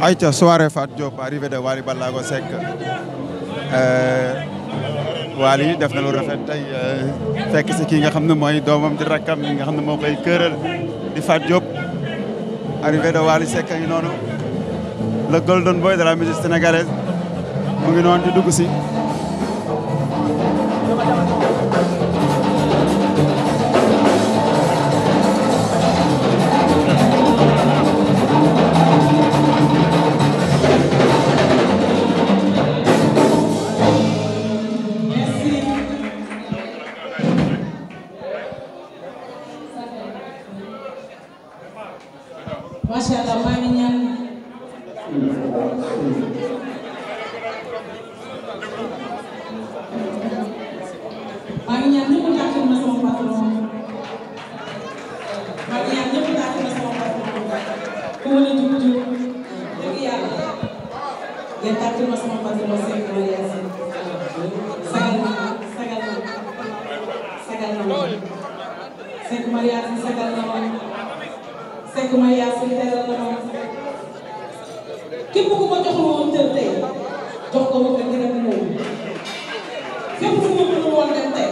Aïcha soirée Fat Diop arrivée de Wally Ballago Seck euh, Wally def na lu rafet tey euh, fekk si kii nga xam ne mooy doomam di rakkam yi nga xam ne moo koy këral di Fat Diop arrivée de Wally Seck a ngi noonu le golden boy de la musique mu ngi noonu di dugg département sama patron Seydou Lola Yacine sagal na sagal na sagal na woon Seydou Lola Yacine sagal na woon Seydou Lola Yacine teral na woon képp ku ma joxul woon tër tey jox ko ma ko gërëm moom fépp fu ma mënul woon dem tey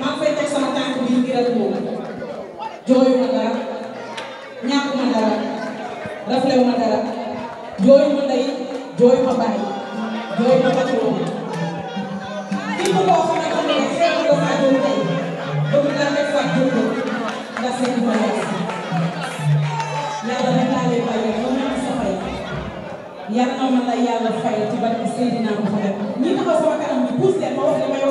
maa fay teg sama tànk bii gërëm moom jooyu ma dara ñàkk ma dara raflew ma dara jooyu ma ndey jooy ma bàyyi jooy ma bàyyi loolu. képp koo xamante ne seet ko saa jóg tey bëgg naa nekk fa jóg ko nga seet ma yàlla. yàlla rek laa lay bàyyi ba mu sa fay. yàlla na ma la yàlla fay ci barke Seydina Muhammad ñi taxaw sama kanam bi pousse leen ma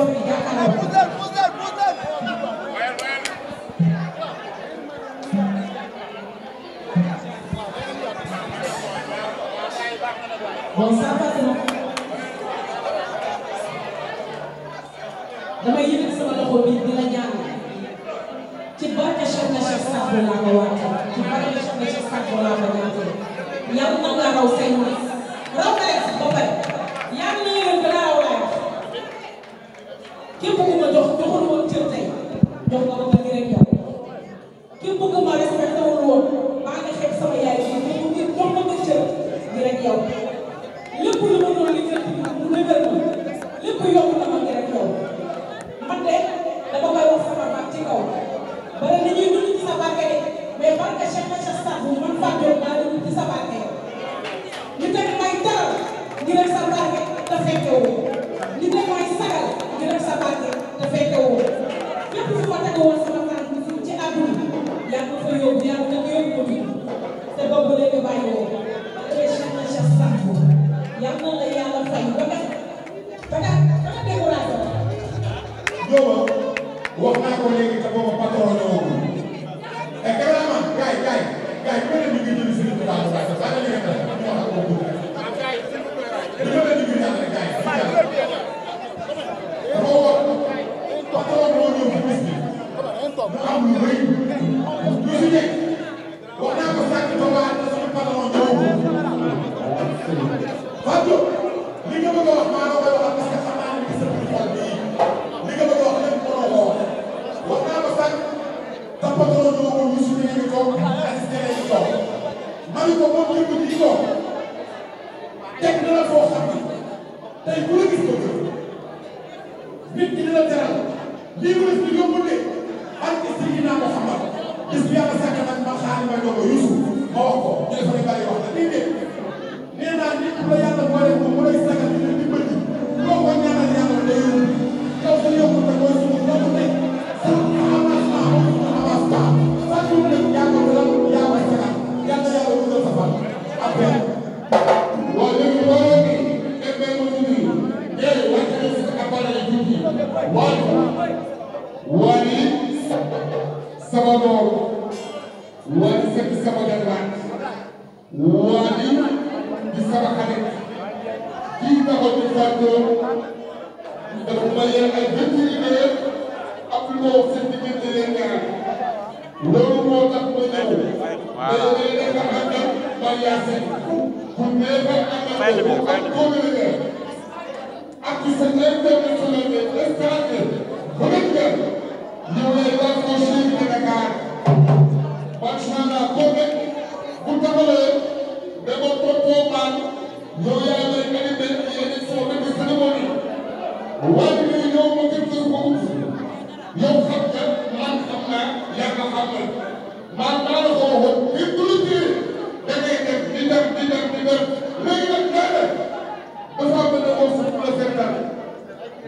laa ko wàccee ci barke Soxna si Sakho laa ko wàccee yal na nga raw say nga leen sax ba pare yal na nga leen gën a raw laa wax ma jox joxul woon cër tey jox nga ba bëgg rek yow képp ku ma respecté wul woon maa ngi xeeb sama yaay bi jox nga ba cër bi rek yow lépp su yàlla sàkk nag ma xaar ma dogo Youssouf ma wax ko ñu ne fa ne bàyyi wax na déedéet nee naa nit ku la yàlla boole moom mu lay ko delluwaat waa di sama xarit kii dafa ñu fàttoo dafa ma yee ay vingt idée ak lu ma wax seen diggante leen ñaar loolu moo tax ma ñëw mais léeg-léeg nga xam ne man yaa nee fa am na ko ak communiquer ak sa interventionnel de est